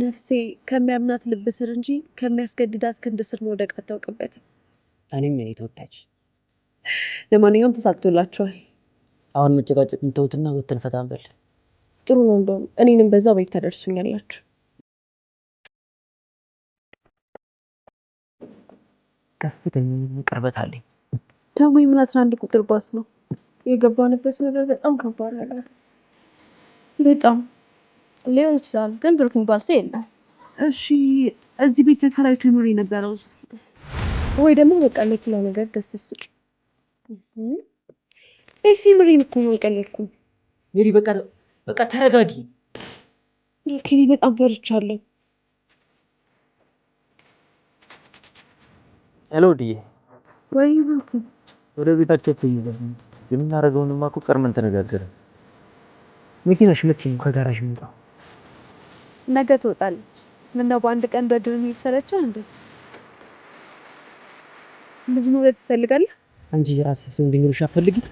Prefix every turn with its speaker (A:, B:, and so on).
A: ነፍሴ ከሚያምናት ልብ ስር እንጂ ከሚያስገድዳት ክንድ ስር መውደቅ አታውቅበትም።
B: እኔም እኔ ተወዳጅ
A: ለማንኛውም ተሳክቶላችኋል።
B: አሁን መጨቃጨቅ ምተውትና ወተን ፈታ እንበል።
A: ጥሩ ነው። እንደውም እኔንም በዛው ቤት ታደርሱኛላችሁ።
B: ከፍተኛ ቅርበት አለኝ።
A: ደግሞ የምን አስራ አንድ ቁጥር ባስ ነው የገባንበት ነገር በጣም ከባድ አለ በጣም ሊሆን ይችላል፣ ግን ብሩክ የሚባል ሰው የለም።
C: እሺ እዚህ ቤት ተከራይቶ ይኖር የነበረው
A: ወይ ደግሞ በቃ መኪና ነገር ገዝተሽ ስጪ። ምሪ ምኩ እኮ ነው ቀለልኩ።
B: ሜሪ በቃ በቃ ተረጋጊ።
A: ኪኒ በጣም ፈርቻለሁ። ሄሎ ዲዬ፣ ወይ ብሩክ
B: ወደ ቤታቸው ትይለ የምናደርገውንማ እኮ ቀርመን ተነጋገረ። መኪናሽ መኪና ከጋራሽ ምጣ
A: ነገ ትወጣል ምነው በአንድ ቀን በድር መሄድ እንዴ? ልጅ መውለድ ትፈልጋለህ?
B: አንቺ የራስሽን ቢኖርሽ አትፈልጊም?